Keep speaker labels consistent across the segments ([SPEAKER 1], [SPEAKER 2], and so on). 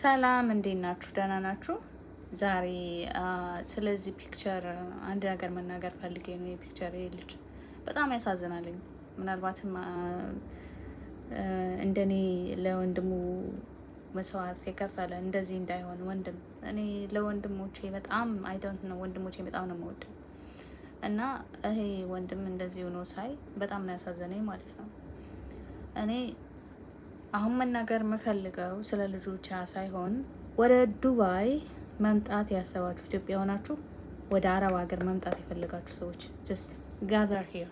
[SPEAKER 1] ሰላም እንዴት ናችሁ? ደህና ናችሁ? ዛሬ ስለዚህ ፒክቸር አንድ ነገር መናገር ፈልጌ ነው። የፒክቸር ልጅ በጣም ያሳዝናለኝ። ምናልባትም እንደኔ ለወንድሙ መስዋዕት የከፈለ እንደዚህ እንዳይሆን ወንድም እኔ ለወንድሞቼ በጣም አይደንት ነው ወንድሞቼ በጣም ነው የምወደው እና ይሄ ወንድም እንደዚህ ሆኖ ሳይ በጣም ነው ያሳዘነኝ ማለት ነው እኔ አሁን መናገር የምፈልገው ስለ ልጆች ሳይሆን ወደ ዱባይ መምጣት ያሰባችሁ ኢትዮጵያ ሆናችሁ ወደ አረብ ሀገር መምጣት የፈለጋችሁ ሰዎች ጀስት ጋዘር ሂር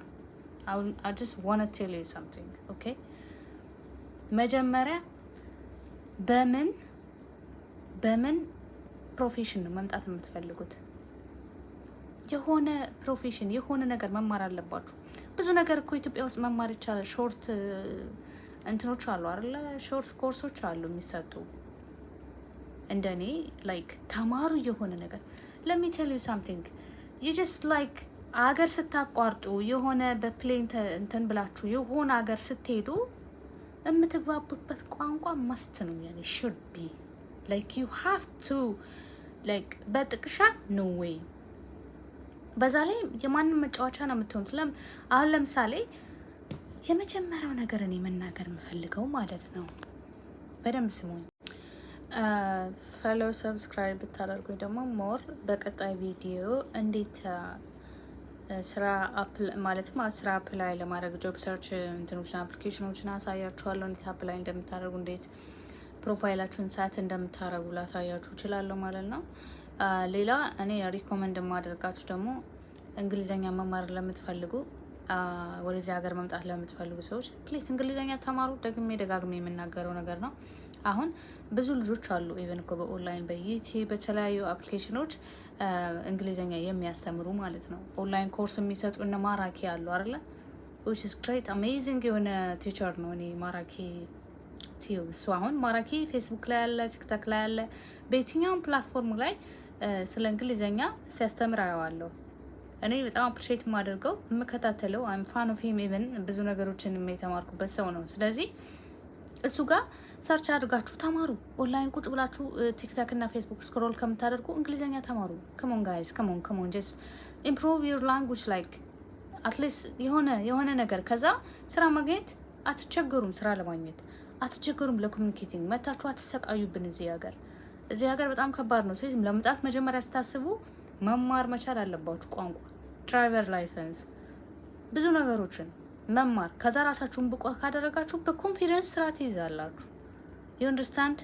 [SPEAKER 1] ዋን ቴል ዩ ሳምቲንግ ኦኬ። መጀመሪያ በምን በምን ፕሮፌሽን ነው መምጣት የምትፈልጉት? የሆነ ፕሮፌሽን የሆነ ነገር መማር አለባችሁ። ብዙ ነገር እኮ ኢትዮጵያ ውስጥ መማር ይቻላል። ሾርት እንትኖች አሉ አለ ሾርት ኮርሶች አሉ የሚሰጡ እንደ እኔ ላይክ ተማሩ የሆነ ነገር ለሚ ቴል ዩ ሳምቲንግ ዩ ጀስት ላይክ አገር ስታቋርጡ የሆነ በፕሌን እንትን ብላችሁ የሆነ አገር ስትሄዱ የምትግባቡበት ቋንቋ ማስት ነው። ያኔ ሹድ ቢ ላይክ ዩ ሃቭ ቱ ላይክ በጥቅሻ ኖ ዌይ። በዛ ላይ የማንም መጫወቻ ነው የምትሆኑት። ለም አሁን ለምሳሌ የመጀመሪያው ነገር እኔ መናገር የምፈልገው ማለት ነው፣ በደንብ ስሙኝ።
[SPEAKER 2] ፌሎ ሰብስክራይብ ብታደርጉ ደግሞ ሞር በቀጣይ ቪዲዮ እንዴት ስራ ማለትም ስራ አፕላይ ለማድረግ ጆብ ሰርች እንትኖች አፕሊኬሽኖችን አሳያችኋለሁ። እንዴት አፕላይ እንደምታደርጉ እንዴት ፕሮፋይላችሁን ሳት እንደምታደርጉ ላሳያችሁ እችላለሁ ማለት ነው። ሌላ እኔ ሪኮመንድ የማደርጋችሁ ደግሞ እንግሊዝኛ መማር ለምትፈልጉ ወደዚህ ሀገር መምጣት ለምትፈልጉ ሰዎች ፕሊስ እንግሊዝኛ ተማሩ። ደግሜ ደጋግሜ የምናገረው ነገር ነው። አሁን ብዙ ልጆች አሉ ኢቨን እኮ በኦንላይን በዩቲዩብ በተለያዩ አፕሊኬሽኖች እንግሊዝኛ የሚያስተምሩ ማለት ነው። ኦንላይን ኮርስ የሚሰጡ እነ ማራኪ አሉ አለ ዊች ኢዝ ግሬት አሜዚንግ የሆነ ቲቸር ነው። እኔ ማራኪ ቲዩብ እሱ አሁን ማራኪ ፌስቡክ ላይ ያለ፣ ቲክቶክ ላይ ያለ፣ በየትኛውም ፕላትፎርም ላይ ስለ እንግሊዝኛ ሲያስተምር አየዋለሁ። እኔ በጣም አፕሪሼት የማደርገው የምከታተለው አይም ፋን ኦፍ ሂም ኢቨን ብዙ ነገሮችን የተማርኩበት ሰው ነው። ስለዚህ እሱ ጋር ሰርች አድርጋችሁ ተማሩ። ኦንላይን ቁጭ ብላችሁ ቲክታክ እና ፌስቡክ ስክሮል ከምታደርጉ እንግሊዝኛ ተማሩ። ከሞን ጋይስ ከሞን ከሞን ጀስ ኢምፕሮቭ ዩር ላንጉጅ ላይክ አትሊስት የሆነ የሆነ ነገር ከዛ ስራ ማግኘት አትቸገሩም። ስራ ለማግኘት አትቸገሩም። ለኮሚኒኬቲንግ መታችሁ አትሰቃዩብን። እዚህ ሀገር እዚህ ሀገር በጣም ከባድ ነው። ስለዚህ ለመምጣት መጀመሪያ ስታስቡ መማር መቻል አለባችሁ። ቋንቋ፣ ድራይቨር ላይሰንስ፣ ብዙ ነገሮችን መማር ከዛ ራሳችሁን ብቁ ካደረጋችሁ በኮንፊደንስ ስራ ትይዛላችሁ። ዩ አንደርስታንድ